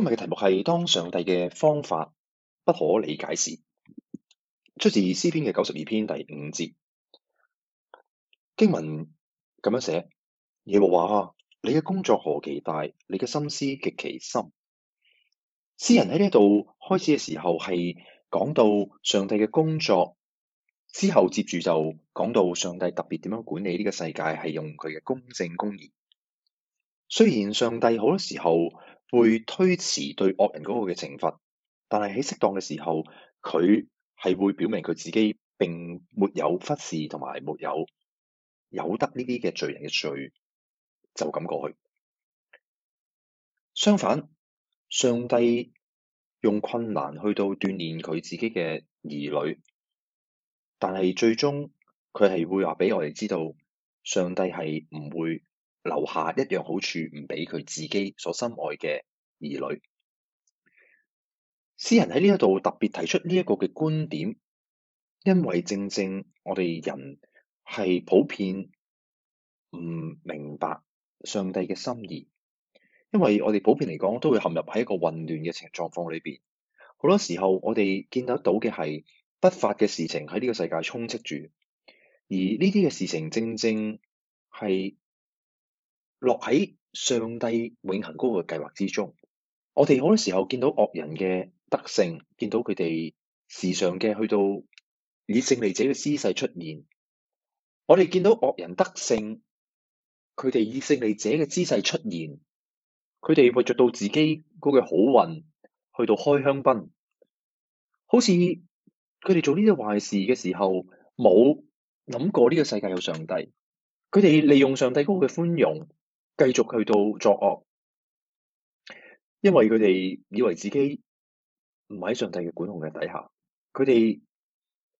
今日嘅題目係當上帝嘅方法不可理解時，出自詩篇嘅九十二篇第五節。經文咁樣寫：耶和華，你嘅工作何其大，你嘅心思極其深。詩人喺呢度開始嘅時候係講到上帝嘅工作，之後接住就講到上帝特別點樣管理呢個世界係用佢嘅公正公義。雖然上帝好多時候。會推遲對惡人嗰個嘅懲罰，但係喺適當嘅時候，佢係會表明佢自己並沒有忽視同埋沒有有得呢啲嘅罪人嘅罪，就咁過去。相反，上帝用困難去到鍛煉佢自己嘅兒女，但係最終，佢係會話俾我哋知道，上帝係唔會。留下一樣好處，唔俾佢自己所深愛嘅兒女。詩人喺呢一度特別提出呢一個嘅觀點，因為正正我哋人係普遍唔明白上帝嘅心意，因為我哋普遍嚟講都會陷入喺一個混亂嘅情狀況裏邊。好多時候我哋見得到嘅係不法嘅事情喺呢個世界充斥住，而呢啲嘅事情正正係。落喺上帝永恆高嘅計劃之中，我哋好多時候見到惡人嘅得勝，見到佢哋時常嘅去到以勝利者嘅姿勢出現。我哋見到惡人得勝，佢哋以勝利者嘅姿勢出現，佢哋為著到自己嗰個好運，去到開香檳，好似佢哋做呢啲壞事嘅時候，冇諗過呢個世界有上帝，佢哋利用上帝高嘅寬容。繼續去到作惡，因為佢哋以為自己唔喺上帝嘅管控嘅底下，佢哋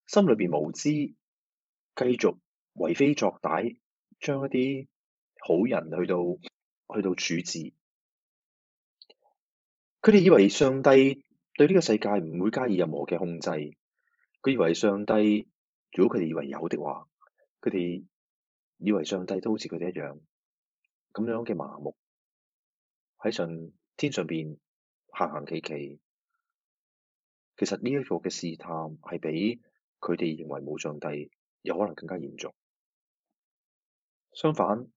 心裏面無知，繼續為非作歹，將一啲好人去到去到處置。佢哋以為上帝對呢個世界唔會加以任何嘅控制，佢以為上帝，如果佢哋以為有的話，佢哋以為上帝都好似佢哋一樣。咁樣嘅麻木，喺上天上邊行行企企，其實呢一個嘅試探係比佢哋認為冇上帝有可能更加嚴重。相反，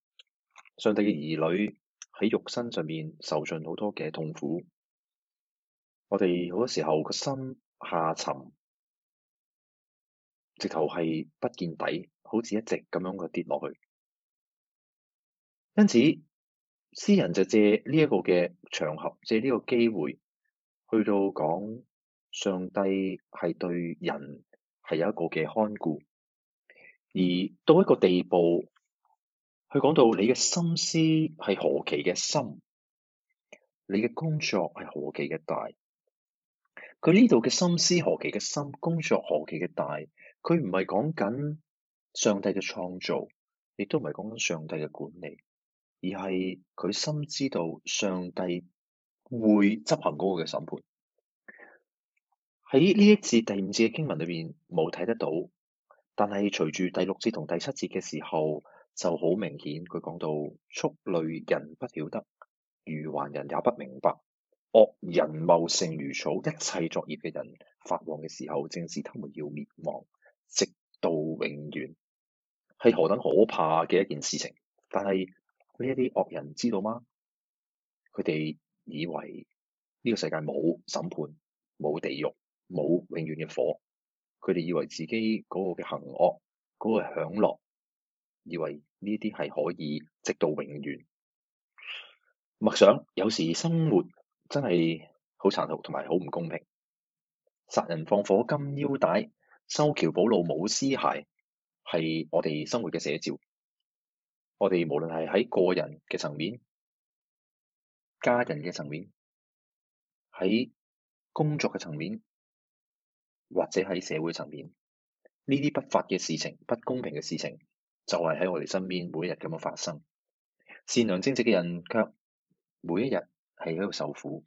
上帝嘅兒女喺肉身上面受盡好多嘅痛苦。我哋好多時候個心下沉，直頭係不見底，好似一直咁樣嘅跌落去。因此，詩人就借呢一個嘅場合，借呢個機會，去到講上帝係對人係有一個嘅看顧，而到一個地步，佢講到你嘅心思係何其嘅深，你嘅工作係何其嘅大。佢呢度嘅心思何其嘅深，工作何其嘅大，佢唔係講緊上帝嘅創造，亦都唔係講緊上帝嘅管理。而係佢深知道上帝會執行嗰個嘅審判，喺呢一節第五節嘅經文裏邊冇睇得到，但係隨住第六節同第七節嘅時候就好明顯到，佢講到畜類人不曉得，愚頑人也不明白，惡人茂盛如草，一切作孽嘅人發旺嘅時候，正是他們要滅亡，直到永遠，係何等可怕嘅一件事情，但係。呢一啲惡人知道嗎？佢哋以為呢個世界冇審判、冇地獄、冇永遠嘅火，佢哋以為自己嗰個嘅行惡、嗰、嗰個嘅享樂，以為呢啲係可以直到永遠。默想，有時生活真係好殘酷，同埋好唔公平。殺人放火金腰帶，修橋補路冇屍骸，係我哋生活嘅寫照。我哋無論係喺個人嘅層面、家人嘅層面、喺工作嘅層面，或者喺社會層面，呢啲不法嘅事情、不公平嘅事情，就係、是、喺我哋身邊每一日咁樣發生。善良正直嘅人卻每一日係喺度受苦。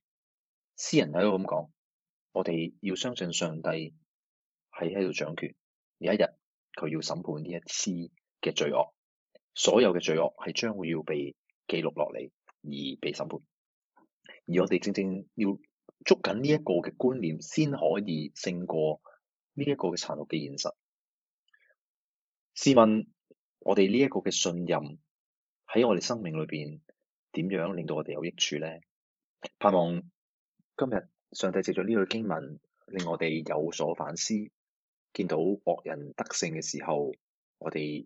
詩人喺度咁講，我哋要相信上帝係喺度掌權，有一日佢要審判呢一啲嘅罪惡。所有嘅罪惡係將會要被記錄落嚟而被審判，而我哋正正要捉緊呢一個嘅觀念，先可以勝過呢一個嘅殘酷嘅現實。試問我哋呢一個嘅信任喺我哋生命裏邊點樣令到我哋有益處咧？盼望今日上帝借著呢句經文令我哋有所反思，見到惡人得勝嘅時候，我哋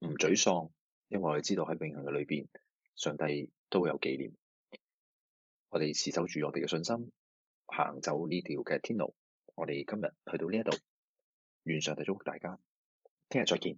唔沮喪，因為我哋知道喺永恒嘅裏邊，上帝都會有紀念。我哋持守住我哋嘅信心，行走呢條嘅天路。我哋今日去到呢一度，願上帝祝福大家，聽日再見。